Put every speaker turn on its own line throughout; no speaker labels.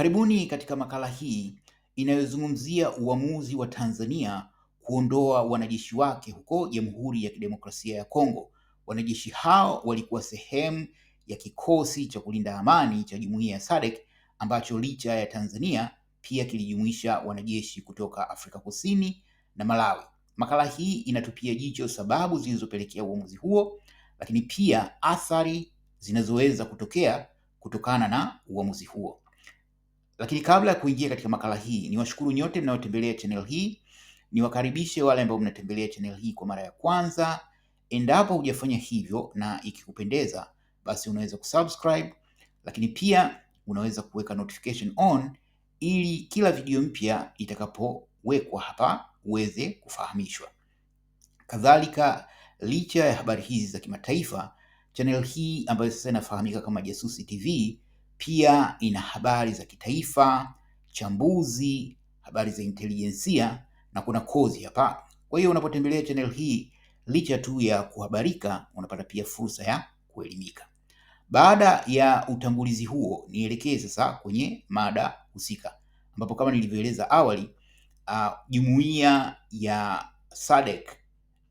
Karibuni katika makala hii inayozungumzia uamuzi wa Tanzania kuondoa wanajeshi wake huko Jamhuri ya Kidemokrasia ya Kongo. Wanajeshi hao walikuwa sehemu ya kikosi cha kulinda amani cha Jumuiya ya SADC ambacho licha ya Tanzania pia kilijumuisha wanajeshi kutoka Afrika Kusini na Malawi. Makala hii inatupia jicho sababu zilizopelekea uamuzi huo, lakini pia athari zinazoweza kutokea kutokana na uamuzi huo. Lakini kabla ya kuingia katika makala hii, niwashukuru nyote mnayotembelea channel hii, niwakaribishe wale ambao mnatembelea channel hii kwa mara ya kwanza. Endapo hujafanya hivyo na ikikupendeza, basi unaweza kusubscribe, lakini pia unaweza kuweka notification on ili kila video mpya itakapowekwa hapa uweze kufahamishwa. Kadhalika, licha ya habari hizi za kimataifa, channel hii ambayo sasa inafahamika kama Jasusi TV pia ina habari za kitaifa, chambuzi, habari za intelijensia na kuna kozi hapa. Kwa hiyo unapotembelea channel hii, licha tu ya kuhabarika, unapata pia fursa ya kuelimika. Baada ya utangulizi huo, nielekee sasa kwenye mada husika, ambapo kama nilivyoeleza awali, uh, jumuiya ya SADC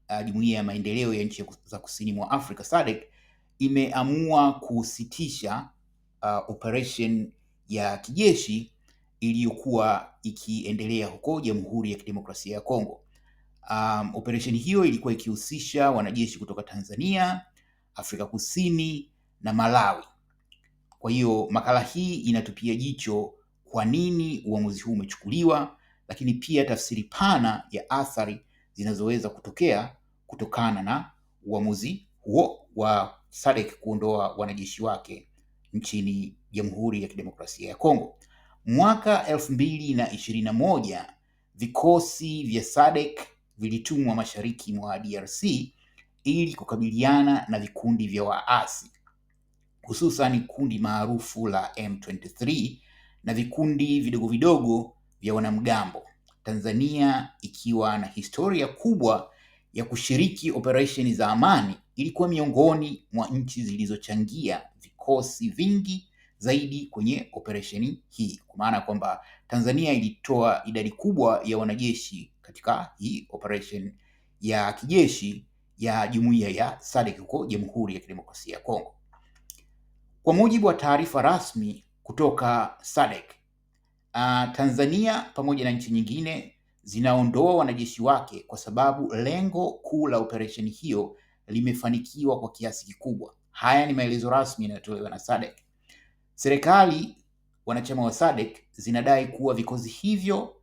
uh, jumuiya ya maendeleo ya nchi za kusini mwa Afrika SADC imeamua kusitisha uh, operation ya kijeshi iliyokuwa ikiendelea huko Jamhuri ya Kidemokrasia ya Kongo. Um, operation hiyo ilikuwa ikihusisha wanajeshi kutoka Tanzania, Afrika Kusini na Malawi. Kwa hiyo makala hii inatupia jicho kwa nini uamuzi huu umechukuliwa, lakini pia tafsiri pana ya athari zinazoweza kutokea kutokana na uamuzi huo wa SADC kuondoa wanajeshi wake nchini Jamhuri ya Kidemokrasia ya Kongo. Mwaka elfu mbili na ishirini na moja vikosi vya SADC vilitumwa mashariki mwa DRC ili kukabiliana na vikundi vya waasi hususan kundi maarufu la M23 na vikundi vidogo vidogo vya wanamgambo. Tanzania ikiwa na historia kubwa ya kushiriki operesheni za amani, ilikuwa miongoni mwa nchi zilizochangia vikosi vingi zaidi kwenye operesheni hii, kwa maana kwamba Tanzania ilitoa idadi kubwa ya wanajeshi katika hii operation ya kijeshi ya jumuiya ya SADC huko Jamhuri ya Kidemokrasia ya Kongo. Kwa mujibu wa taarifa rasmi kutoka SADC, uh, Tanzania pamoja na nchi nyingine zinaondoa wanajeshi wake kwa sababu lengo kuu la operesheni hiyo limefanikiwa kwa kiasi kikubwa Haya ni maelezo rasmi yanayotolewa na SADC. Serikali wanachama wa SADC zinadai kuwa vikosi hivyo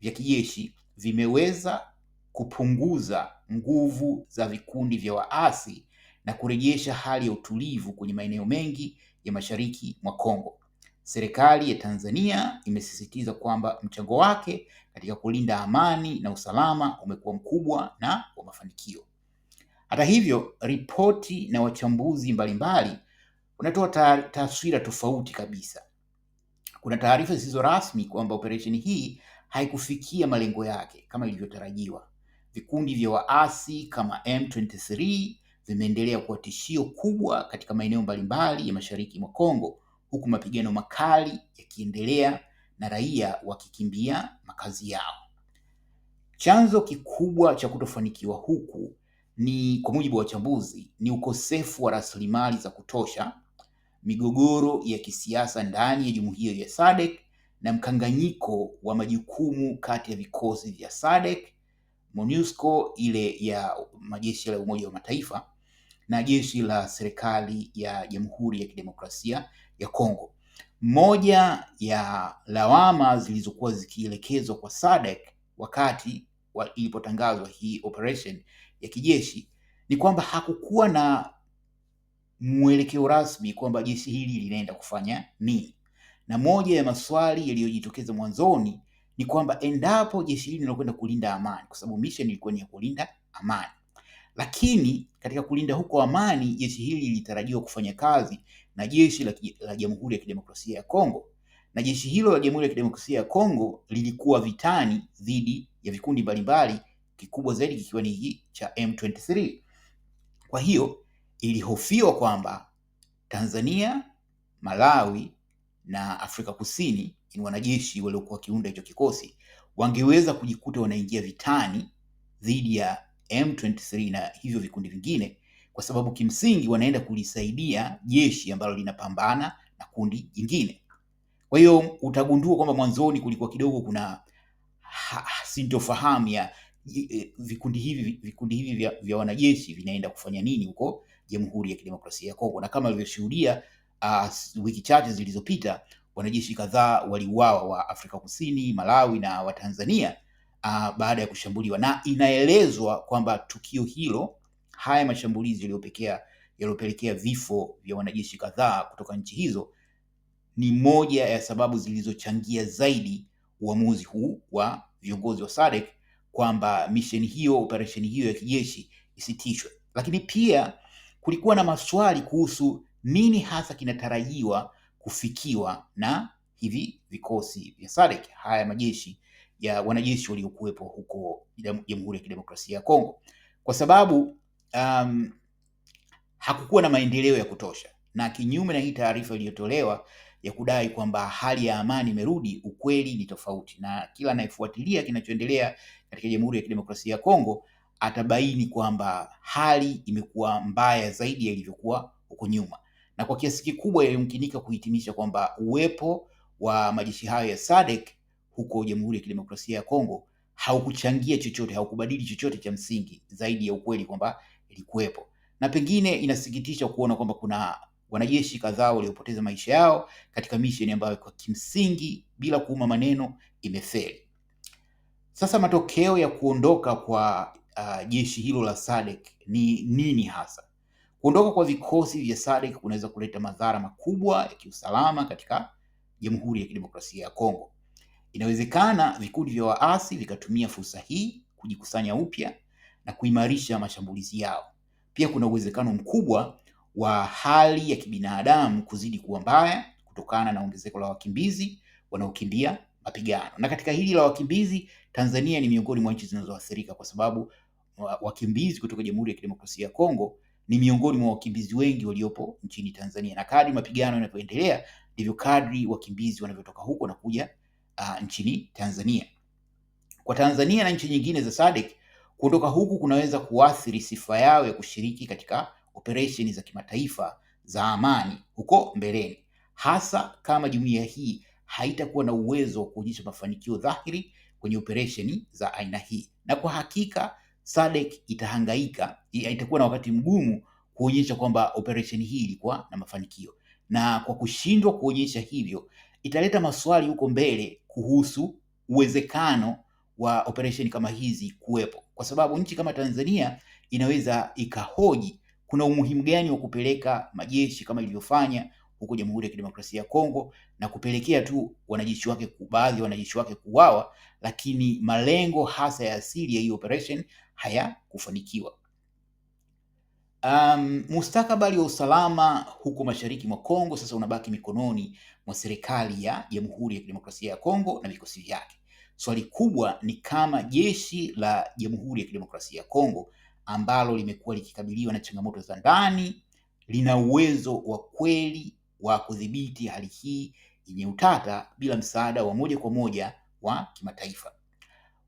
vya kijeshi vimeweza kupunguza nguvu za vikundi vya waasi na kurejesha hali ya utulivu kwenye maeneo mengi ya mashariki mwa Kongo. Serikali ya Tanzania imesisitiza kwamba mchango wake katika kulinda amani na usalama umekuwa mkubwa na wa mafanikio. Hata hivyo, ripoti na wachambuzi mbalimbali unatoa taswira tofauti kabisa. Kuna taarifa zisizo rasmi kwamba operesheni hii haikufikia malengo yake kama ilivyotarajiwa. Vikundi vya waasi kama M23 vimeendelea kuwa tishio kubwa katika maeneo mbalimbali ya mashariki mwa Kongo, huku mapigano makali yakiendelea na raia wakikimbia makazi yao. Chanzo kikubwa cha kutofanikiwa huku ni kwa mujibu wa wachambuzi ni ukosefu wa rasilimali za kutosha, migogoro ya kisiasa ndani ya jumuiya ya SADC na mkanganyiko wa majukumu kati ya vikosi vya SADC, MONUSCO ile ya majeshi ya Umoja wa Mataifa na jeshi la serikali ya Jamhuri ya Kidemokrasia ya Kongo. Moja ya lawama zilizokuwa zikielekezwa kwa SADC wakati ilipotangazwa hii operation ya kijeshi ni kwamba hakukuwa na mwelekeo rasmi kwamba jeshi hili linaenda kufanya nini, na moja ya maswali yaliyojitokeza mwanzoni ni kwamba endapo jeshi hili linakwenda kulinda amani, kwa sababu mission ilikuwa ni ya kulinda amani, lakini katika kulinda huko amani, jeshi hili lilitarajiwa kufanya kazi na jeshi la, la Jamhuri ya Kidemokrasia ya Kongo, na jeshi hilo la Jamhuri ya Kidemokrasia ya Kongo lilikuwa vitani dhidi ya vikundi mbalimbali kikubwa zaidi kikiwa ni hii cha M23. Kwa hiyo ilihofiwa kwamba Tanzania, Malawi na Afrika Kusini ni wanajeshi waliokuwa wakiunda hicho kikosi wangeweza kujikuta wanaingia vitani dhidi ya M23 na hivyo vikundi vingine, kwa sababu kimsingi wanaenda kulisaidia jeshi ambalo linapambana na kundi jingine. Kwa hiyo utagundua kwamba mwanzoni kulikuwa kidogo kuna sintofahamu ya E, vikundi hivi vikundi hivi vya, vya wanajeshi vinaenda kufanya nini huko Jamhuri ya Kidemokrasia ya Kongo, na kama alivyoshuhudia uh, wiki chache zilizopita wanajeshi kadhaa waliuawa wa Afrika Kusini, Malawi na wa Tanzania uh, baada ya kushambuliwa, na inaelezwa kwamba tukio hilo, haya mashambulizi yaliyopelekea yaliyopelekea vifo vya wanajeshi kadhaa kutoka nchi hizo ni moja ya sababu zilizochangia zaidi uamuzi huu wa viongozi wa SADC kwamba misheni hiyo, operesheni hiyo ya kijeshi isitishwe. Lakini pia kulikuwa na maswali kuhusu nini hasa kinatarajiwa kufikiwa na hivi vikosi vya SADC, haya majeshi ya wanajeshi waliokuwepo huko Jamhuri ya Kidemokrasia ya Kongo, kwa sababu um, hakukuwa na maendeleo ya kutosha, na kinyume na hii taarifa iliyotolewa ya kudai kwamba hali ya amani imerudi, ukweli ni tofauti, na kila anayefuatilia kinachoendelea katika Jamhuri ya Kidemokrasia ya Kongo atabaini kwamba hali imekuwa mbaya zaidi ya ilivyokuwa huko nyuma, na kwa kiasi kikubwa yalimkinika kuhitimisha kwamba uwepo wa majeshi hayo ya SADC huko Jamhuri ya Kidemokrasia ya Kongo haukuchangia chochote, haukubadili chochote cha msingi zaidi ya ukweli kwamba ilikuwepo, na pengine inasikitisha kuona kwamba kuna wanajeshi kadhaa waliopoteza maisha yao katika misheni ambayo kwa kimsingi, bila kuuma maneno, imefeli. Sasa matokeo ya kuondoka kwa uh, jeshi hilo la SADC ni nini hasa? Kuondoka kwa vikosi vya SADC kunaweza kuleta madhara makubwa ya kiusalama katika Jamhuri ya Kidemokrasia ya Kongo. Inawezekana vikundi vya waasi vikatumia fursa hii kujikusanya upya na kuimarisha mashambulizi yao. Pia kuna uwezekano mkubwa wa hali ya kibinadamu kuzidi kuwa mbaya kutokana na ongezeko la wakimbizi wanaokimbia mapigano. Na katika hili la wakimbizi, Tanzania ni miongoni mwa nchi zinazoathirika kwa sababu wakimbizi kutoka Jamhuri ya Kidemokrasia ya Kongo ni miongoni mwa wakimbizi wengi waliopo nchini Tanzania, na kadri mapigano yanavyoendelea ndivyo kadri wakimbizi wanavyotoka huko na kuja uh, nchini Tanzania. Kwa Tanzania na nchi nyingine za SADC kuondoka huku kunaweza kuathiri sifa yao ya kushiriki katika operesheni za kimataifa za amani huko mbeleni, hasa kama jumuiya hii haitakuwa na uwezo wa kuonyesha mafanikio dhahiri kwenye operesheni za aina hii. Na kwa hakika SADC itahangaika, itakuwa na wakati mgumu kuonyesha kwamba operesheni hii ilikuwa na mafanikio, na kwa kushindwa kuonyesha hivyo italeta maswali huko mbele kuhusu uwezekano wa operesheni kama hizi kuwepo, kwa sababu nchi kama Tanzania inaweza ikahoji kuna umuhimu gani wa kupeleka majeshi kama ilivyofanya huko Jamhuri ya Kidemokrasia ya Kongo na kupelekea tu wanajeshi wake, baadhi ya wanajeshi wake kuuawa, lakini malengo hasa ya asili ya hiyo operation hayakufanikiwa. Um, mustakabali wa usalama huko mashariki mwa Kongo sasa unabaki mikononi mwa serikali ya Jamhuri ya Kidemokrasia ya Kongo na vikosi vyake. Swali kubwa ni kama jeshi la Jamhuri ya Kidemokrasia ya Kongo ambalo limekuwa likikabiliwa na changamoto za ndani lina uwezo wa kweli wa kudhibiti hali hii yenye utata bila msaada wa moja kwa moja wa kimataifa.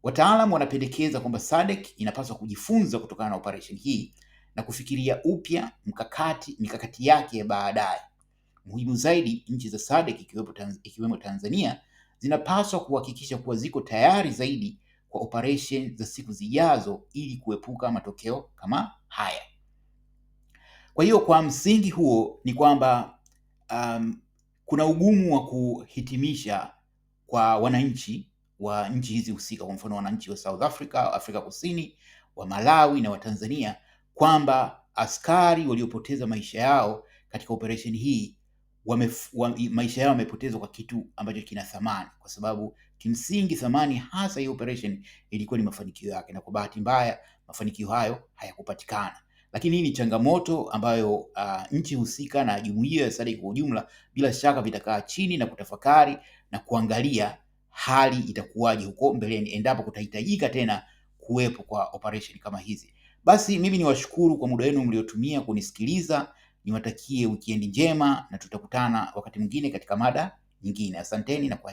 Wataalam wanapendekeza kwamba SADC inapaswa kujifunza kutokana na operation hii na kufikiria upya mkakati mikakati yake ya baadaye. Muhimu zaidi, nchi za SADC ikiwemo Tanzania zinapaswa kuhakikisha kuwa ziko tayari zaidi kwa operation za siku zijazo ili kuepuka matokeo kama haya. Kwa hiyo kwa msingi huo ni kwamba um, kuna ugumu wa kuhitimisha kwa wananchi wa nchi hizi husika, kwa mfano wananchi wa South Africa, Afrika Kusini, wa Malawi na wa Tanzania kwamba askari waliopoteza maisha yao katika operesheni hii wa, maisha yao yamepotezwa kwa kitu ambacho kina thamani kwa sababu Kimsingi thamani hasa hii operation ilikuwa ni mafanikio yake, na kwa bahati mbaya mafanikio hayo hayakupatikana. Lakini hii ni changamoto ambayo uh, nchi husika na jumuiya ya SADC kwa ujumla bila shaka vitakaa chini na kutafakari na kuangalia hali itakuwaje huko mbeleni endapo kutahitajika tena kuwepo kwa operation kama hizi. Basi mimi niwashukuru kwa muda wenu mliotumia kunisikiliza, niwatakie wikendi njema na tutakutana wakati mwingine katika mada nyingine. Asanteni na kwa